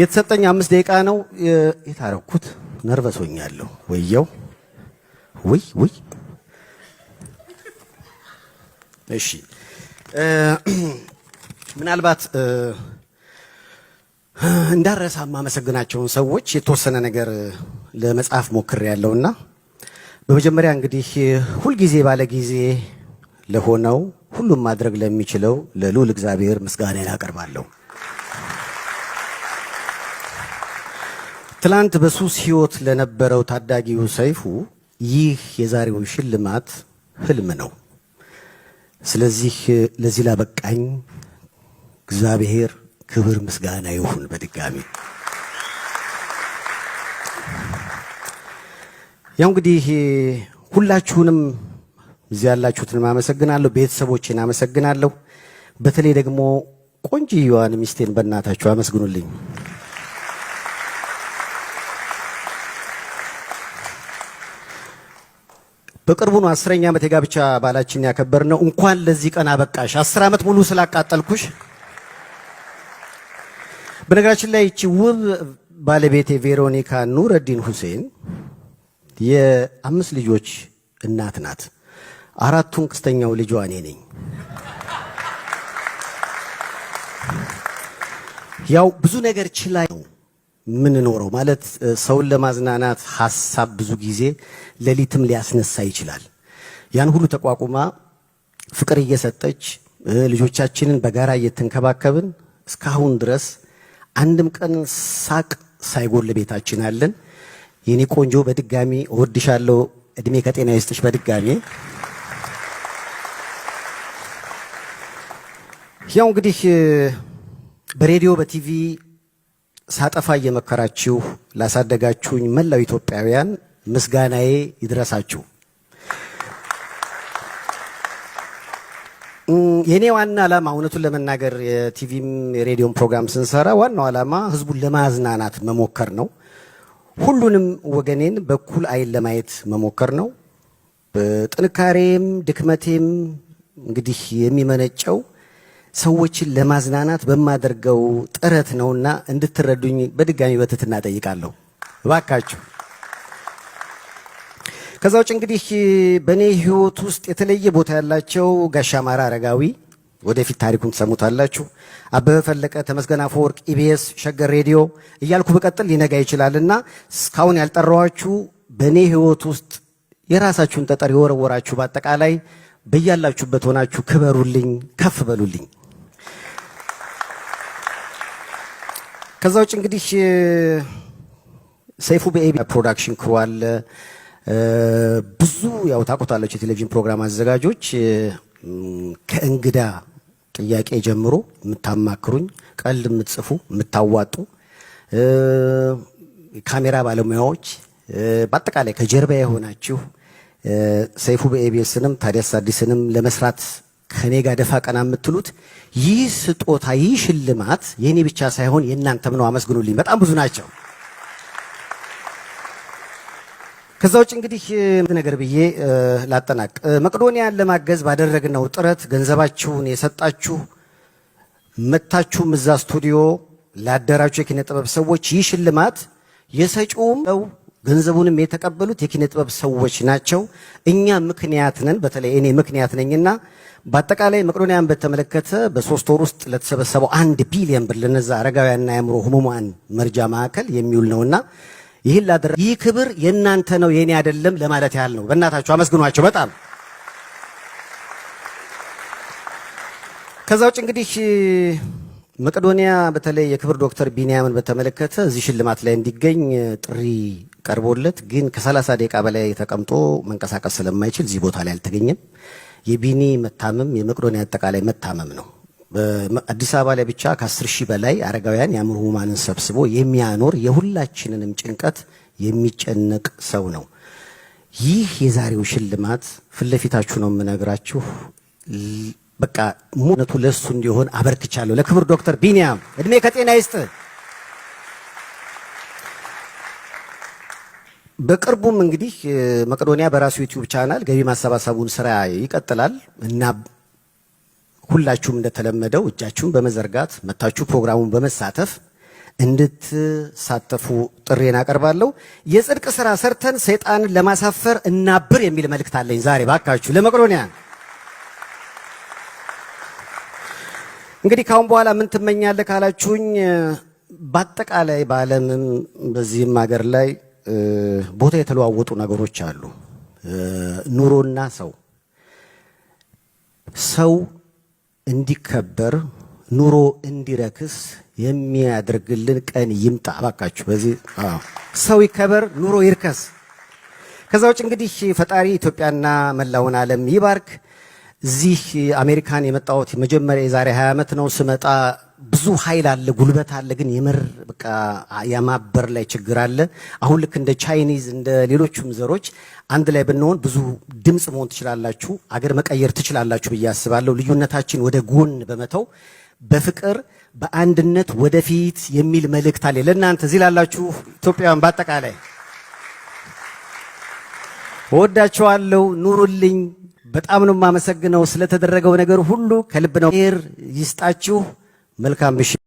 የተሰጠኝ አምስት ደቂቃ ነው የታረኩት። ነርቨስ ሆኛለሁ። ወየው ውይ ውይ። እሺ ምናልባት እንዳረሳ የማመሰግናቸውን ሰዎች የተወሰነ ነገር ለመጽሐፍ ሞክር ያለውና በመጀመሪያ እንግዲህ ሁልጊዜ ባለ ጊዜ ለሆነው ሁሉም ማድረግ ለሚችለው ለልዑል እግዚአብሔር ምስጋናን አቀርባለሁ። ትላንት በሱስ ህይወት ለነበረው ታዳጊው ሰይፉ ይህ የዛሬው ሽልማት ህልም ነው። ስለዚህ ለዚህ ላበቃኝ እግዚአብሔር ክብር ምስጋና ይሁን። በድጋሚ ያው እንግዲህ ሁላችሁንም እዚህ ያላችሁትን አመሰግናለሁ። ቤተሰቦቼን አመሰግናለሁ። በተለይ ደግሞ ቆንጆዋን ሚስቴን በእናታችሁ አመስግኑልኝ። በቅርቡ ነው አስረኛ ዓመት የጋብቻ ባላችን ያከበርነው። እንኳን ለዚህ ቀን አበቃሽ አስር ዓመት ሙሉ ስላቃጠልኩሽ። በነገራችን ላይ ይቺ ውብ ባለቤቴ ቬሮኒካ ኑረዲን ሁሴን የአምስት ልጆች እናት ናት። አራቱን ክስተኛው ልጇ እኔ ነኝ። ያው ብዙ ነገር ነው ምንኖረው ማለት ሰውን ለማዝናናት ሀሳብ ብዙ ጊዜ ሌሊትም ሊያስነሳ ይችላል። ያን ሁሉ ተቋቁማ ፍቅር እየሰጠች ልጆቻችንን በጋራ እየተንከባከብን እስካሁን ድረስ አንድም ቀን ሳቅ ሳይጎል ቤታችን አለን። የኔ ቆንጆ በድጋሚ እወድሻለሁ። እድሜ ከጤና ይስጥሽ። በድጋሚ ያው እንግዲህ በሬዲዮ በቲቪ ሳጠፋ እየመከራችሁ ላሳደጋችሁኝ መላው ኢትዮጵያውያን ምስጋናዬ ይድረሳችሁ። የእኔ ዋና ዓላማ እውነቱን ለመናገር የቲቪም የሬዲዮም ፕሮግራም ስንሰራ ዋናው ዓላማ ህዝቡን ለማዝናናት መሞከር ነው። ሁሉንም ወገኔን በኩል አይን ለማየት መሞከር ነው። በጥንካሬም ድክመቴም እንግዲህ የሚመነጨው ሰዎችን ለማዝናናት በማደርገው ጥረት ነውና እንድትረዱኝ በድጋሚ በትህትና እጠይቃለሁ። እባካችሁ ከዛ ውጭ እንግዲህ በእኔ ህይወት ውስጥ የተለየ ቦታ ያላቸው ጋሻ አማራ አረጋዊ ወደፊት ታሪኩን ትሰሙታላችሁ። አበበ ፈለቀ፣ ተመስገን አፈወርቅ፣ ኢቢኤስ፣ ሸገር ሬዲዮ እያልኩ በቀጥል ሊነጋ ይችላልና እስካሁን ያልጠራዋችሁ በእኔ ህይወት ውስጥ የራሳችሁን ጠጠር የወረወራችሁ በአጠቃላይ በያላችሁበት ሆናችሁ ክበሩልኝ፣ ከፍ በሉልኝ። ከዛ ውጭ እንግዲህ ሰይፉ በኤቢ ፕሮዳክሽን ክሩ አለ። ብዙ ያው ታውቁታለች፣ የቴሌቪዥን ፕሮግራም አዘጋጆች ከእንግዳ ጥያቄ ጀምሮ የምታማክሩኝ፣ ቀልድ የምትጽፉ፣ የምታዋጡ ካሜራ ባለሙያዎች፣ በአጠቃላይ ከጀርባ የሆናችሁ ሰይፉ በኤቢኤስንም ታዲያስ አዲስንም ለመስራት ከኔ ጋር ደፋ ቀና የምትሉት ይህ ስጦታ ይህ ሽልማት የእኔ ብቻ ሳይሆን የእናንተም ነው። አመስግኑልኝ። በጣም ብዙ ናቸው። ከዛ ውጭ እንግዲህ ነገር ብዬ ላጠናቅ። መቅዶኒያን ለማገዝ ባደረግነው ጥረት ገንዘባችሁን የሰጣችሁ መታችሁም እዛ ስቱዲዮ ላደራችሁ የኪነ ጥበብ ሰዎች ይህ ሽልማት የሰጪውም ገንዘቡንም የተቀበሉት የኪነ ጥበብ ሰዎች ናቸው። እኛ ምክንያት ነን፣ በተለይ እኔ ምክንያት ነኝና በአጠቃላይ መቄዶንያን በተመለከተ በሶስት ወር ውስጥ ለተሰበሰበው አንድ ቢሊየን ብር ለነዛ አረጋውያንና የአእምሮ ህሙማን መርጃ ማዕከል የሚውል ነውና ይህን ላደረ ይህ ክብር የእናንተ ነው የኔ አይደለም ለማለት ያህል ነው። በእናታችሁ አመስግኗቸው በጣም ከዛ ውጭ እንግዲህ መቄዶንያ በተለይ የክብር ዶክተር ቢንያምን በተመለከተ እዚህ ሽልማት ላይ እንዲገኝ ጥሪ ቀርቦለት ግን ከሰላሳ ደቂቃ በላይ ተቀምጦ መንቀሳቀስ ስለማይችል እዚህ ቦታ ላይ አልተገኘም። የቢኒ መታመም የመቅዶኒያ አጠቃላይ መታመም ነው። በአዲስ አበባ ላይ ብቻ ከአስር ሺህ በላይ አረጋውያን የአእምሮ ህሙማንን ሰብስቦ የሚያኖር የሁላችንንም ጭንቀት የሚጨነቅ ሰው ነው። ይህ የዛሬው ሽልማት ፊት ለፊታችሁ ነው የምነግራችሁ። በቃ ሙነቱ ለሱ እንዲሆን አበርክቻለሁ። ለክብር ዶክተር ቢኒያም እድሜ ከጤና ይስጥ። በቅርቡም እንግዲህ መቄዶንያ በራሱ ዩቲዩብ ቻናል ገቢ ማሰባሰቡን ስራ ይቀጥላል እና ሁላችሁም እንደተለመደው እጃችሁን በመዘርጋት መታችሁ ፕሮግራሙን በመሳተፍ እንድትሳተፉ ጥሬን አቀርባለሁ። የጽድቅ ስራ ሰርተን ሰይጣንን ለማሳፈር እናብር የሚል መልእክት አለኝ ዛሬ። ባካችሁ ለመቄዶንያ እንግዲህ ካሁን በኋላ ምን ትመኛለህ ካላችሁኝ፣ በአጠቃላይ በዓለምም በዚህም ሀገር ላይ ቦታ የተለዋወጡ ነገሮች አሉ። ኑሮና ሰው ሰው እንዲከበር ኑሮ እንዲረክስ የሚያደርግልን ቀን ይምጣ እባካችሁ። በዚህ ሰው ይከበር፣ ኑሮ ይርከስ። ከዛ ውጭ እንግዲህ ፈጣሪ ኢትዮጵያና መላውን ዓለም ይባርክ። እዚህ አሜሪካን የመጣሁት መጀመሪያ የዛሬ 20 ዓመት ነው። ስመጣ ብዙ ኃይል አለ፣ ጉልበት አለ። ግን የምር በቃ የማበር ላይ ችግር አለ። አሁን ልክ እንደ ቻይኒዝ እንደ ሌሎቹም ዘሮች አንድ ላይ ብንሆን ብዙ ድምፅ መሆን ትችላላችሁ፣ አገር መቀየር ትችላላችሁ ብዬ አስባለሁ። ልዩነታችን ወደ ጎን በመተው በፍቅር በአንድነት ወደፊት የሚል መልእክት አለ ለእናንተ እዚህ ላላችሁ ኢትዮጵያውያን በአጠቃላይ እወዳችኋለሁ። ኑሩልኝ። በጣም ነው የማመሰግነው ስለተደረገው ነገር ሁሉ ከልብ ነው። ይስጣችሁ። መልካም ምሽት።